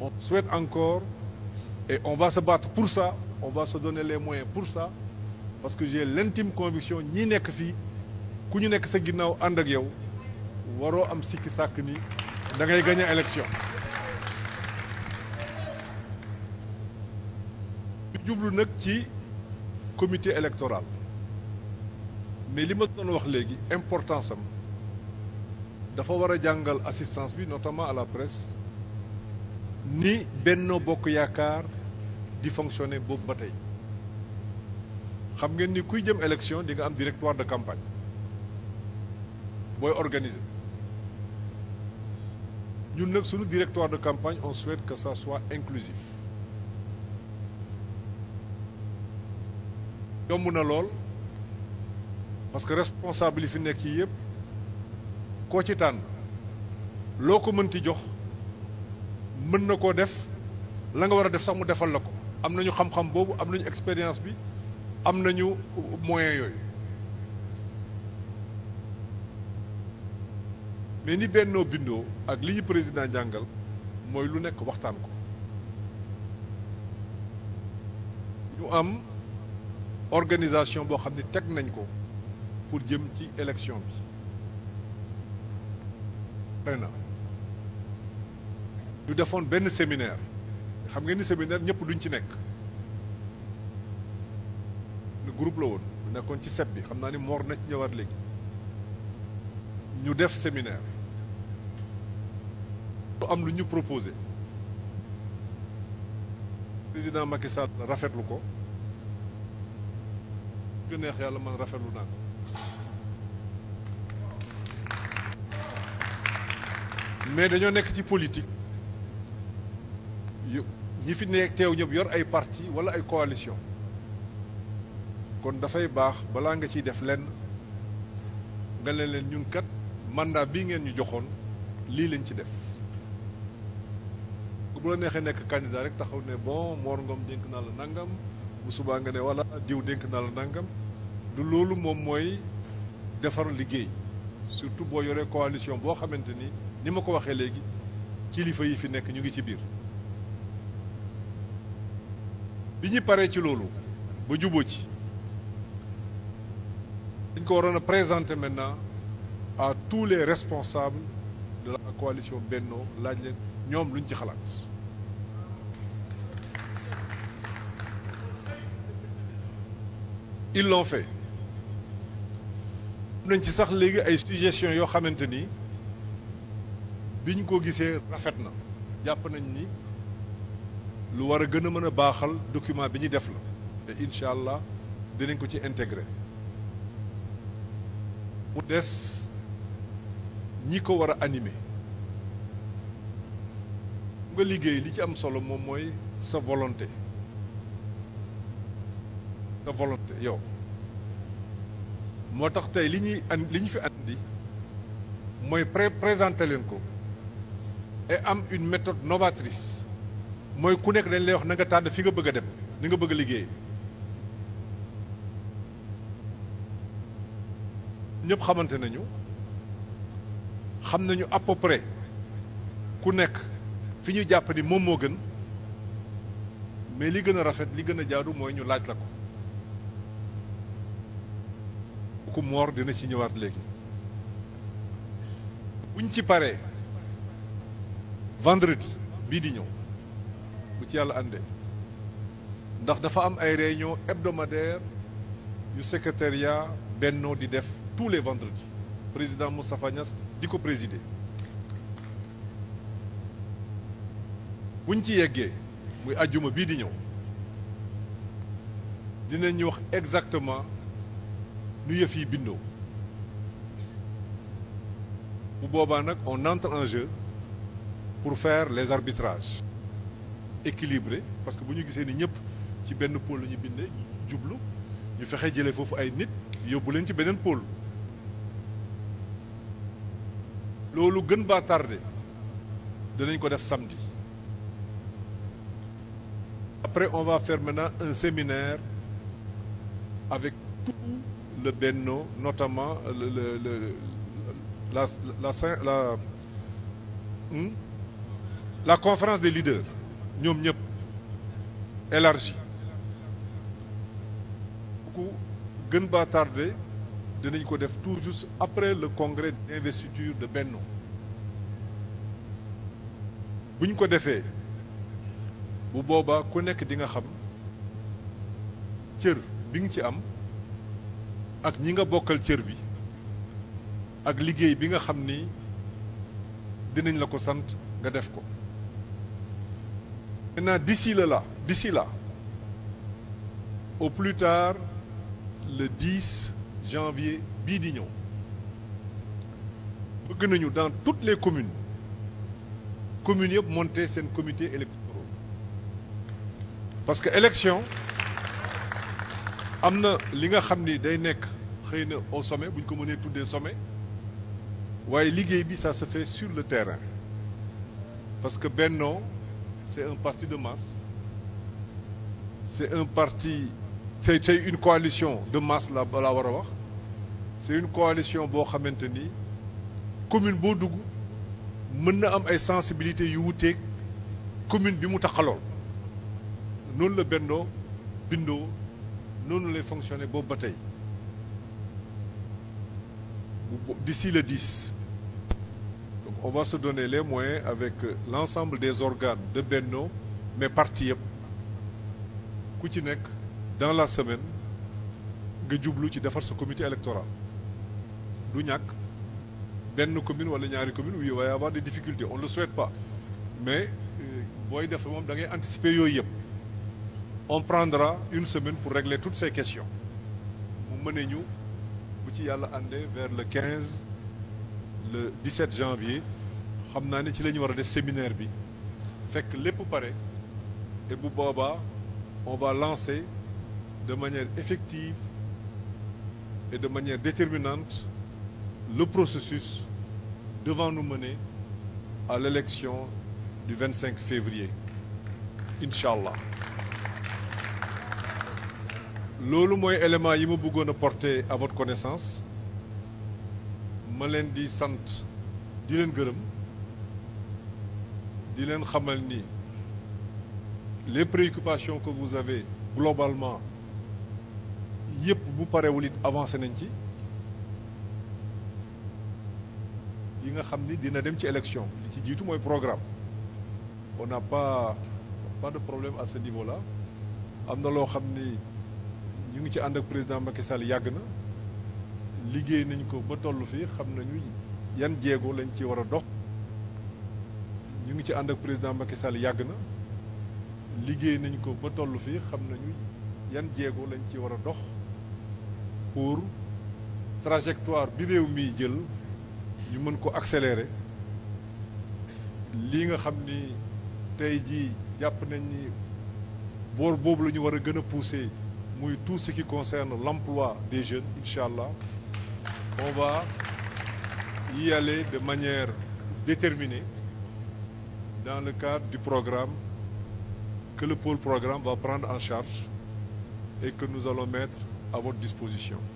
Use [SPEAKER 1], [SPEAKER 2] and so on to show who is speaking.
[SPEAKER 1] on souhaite encore et on va se battre pour ça on va se les moyens pour sa parce que j'ai l'intime conviction ñi nekk fii ku ñu nekk sa ginnaaw ànd ak yow waroo am sikki sàkk nii dangay ngay gagner élection jublu nag ci comité électoral mais li ma doon wax léegi importance am dafa war a jàngal assistance bi notamment à la presse ni Benno Bokk Yaakaar di fonctionner boobu ba tey xam ngeen ni kuy jëm élection di nga am directoire de campagne booy organiser ñun nag sunu directoire de campagne on souhaite que ça soit inclusif yomb na lool parce que responsable yi fi nekk yi yëpp koo ci tànn loo ko mënti jox mën na koo def la nga war a def sax mu defal la ko am nañu xam-xam boobu am nañu expérience bi am nañu moyen yooyu mais ni bennoo bindoo ak li ñu président jàngal mooy lu nekk waxtaan ko ñu am organisation boo xam ne teg nañ ko pour jëm ci élection bi. du defoon benn séminaire xam ngeen ni séminaire ñëpp ñu ci nekk groupe la woon nekkoon ci set bi xam naa ni moor na ci ñëwaat léegi ñu def séminaire lu am lu ñu proposé président Macky Sall rafetlu ko ku neex yàlla man rafetlu naa mais dañoo nekk ci politique ñi fi nekk teew ñëpp yor ay parti wala ay coalition kon dafay baax balaa nga ciy def lenn nga leen leen ñun kat bii ngeen ñu joxoon lii lañ ci def bu la neexee nekk candidat rek taxaw ne bon Mor Ngom dénk naa la nangam bu subaa nga ne wala diw dénk naa la nangam du loolu moom mooy defar liggéey surtout boo yore coalition boo xamante ni ni ma ko waxee léegi kilifa yi fi nekk ñu ngi ci biir. bi ñu paree ci loolu ba jubo ci dañ ko waroon a présenter maintenant à tous les responsables de la coalition Benno laaj leen ñoom luñ ci xalaat ils l'ont fait nañ ci sax léegi ay suggestions yoo xamante ni biñ ko gisee rafet na jàpp nañ ni lu war a gën a mën a baaxal document bi ñu def la te incha allah dinañ ko ci intégré bu des ñi ko war a animé nga liggéey li ci am solo moom mooy sa volonté sa volonté yow moo tax tey li ñuy an li ñu fi andi mooy pré présenté leen ko et am une méthode novatrice mooy ku nekk dañ lay wax na nga tànn fi nga bëgg a dem ni nga bëgg liggéey ñëpp xamante nañu xam nañu à peu près ku nekk fi ñu jàpp ni moom moo gën mais li gën a rafet li gën a jaadu mooy ñu laaj la ko ku moor dina ci ñëwaat léegi buñ ci paree vendredi bii di ñëw bu ci yàlla àndee ndax dafa am ay réunion hebdomadaire yu secrétariat Benno di def tous les vendredis président Moustapha Niass di ko présider buñ ci yeggee muy ajjuma bii di ñëw dinañu wax exactement nu yëf yi bindoo bu boobaa nag on entre en jeu pour faire les arbitrages équilibré parce que bu ñu gisee ni ñëpp ci benn pôle la ñu bindee jublu ñu fexe jëlee foofu ay nit yóbbu leen ci beneen pôle. loolu gën baa tardé danañ ko def samedi après on va faire maintenant un séminaire avec tout le Benno notamment le le le la la la la, la, hmm? la conférence des leaders ñoom ñëpp élargi ku gën baa tardé dinañ ko def tout juste après le congrès investiture de Benno buñ ko defee bu boobaa ku nekk di nga xam cër bi nga ci am ak ñi nga bokkal cër bi ak liggéey bi nga xam ni dinañ la ko sant nga def ko Maintenant, d'ici là, d'ici là, au plus tard, le 10 janvier bii di ñëw bëgg nañu dans toutes les communes communes yëpp monter seen comité électoraux parce que élection am na li nga xam ni day nekk xëy na au sommet bu ñu ko mënee tuddee sommet waaye liggéey bi ça se fait sur le terrain parce que bennoo c'est un parti de masse. C'est un parti c'est une coalition de masse la laa war a wax c'est une coalition boo xamante ni commune boo dugg mën na am ay sensibilité yu wuteeg commune bi mu taxalool noonu la bennoo bindoo noonu lay fonctionner boobu ba tey d'ici le 10 on va se donner les moyens avec l'ensemble des organes de Benno mais parti yëpp ku ci nekk dans la semaine nga jublu ci defar sa comité électoral du ñàkk benn commune wala ñaari commune oui va y avoir des difficultés on ne le souhaite pas mais euh, booy def moom da ngay anticiper yooyu yëpp on prendra une semaine pour régler toutes ses questions mu mëne ñu bu ci yàlla àndee vers le 15 le 17 janvier xam naa ne ci la war a def séminaire bi fekk lépp pare et bu boobaa on va lancer de manière effective et de manière déterminante le processus devant nous mener à l'élection du 25 février allah loolu mooy élément yi ma bëggoon a porter à votre connaissance ma leen di sant di leen gërëm di leen xamal ni les préoccupations que vous avez globalement yëpp bu parewul it avancé nañ ci yi nga xam ni dina dem ci élection li ci jiitu mooy programme on n'a pas pas de problème à ce niveau là am na loo xam ni ñu ngi ci ànd ak président Macky yàgg na liggéey nañ ko ba toll fii xam nañu yan jéego lañ ci war a dox ñu ngi ci ànd ak président Macky yàgg na liggéey nañ ko ba toll fii xam nañu yan jéego lañ ci war a dox pour trajectoire bi mi jël ñu mën ko accélérer lii nga xam ni tey jii jàpp nañ ni boor boobu la ñu war a gën a pousser muy tout ce qui concerne l'emploi des jeunes incha allah on va y aller de manière déterminée dans le cadre du programme que le pôle programme va prendre en charge et que nous allons mettre à votre disposition.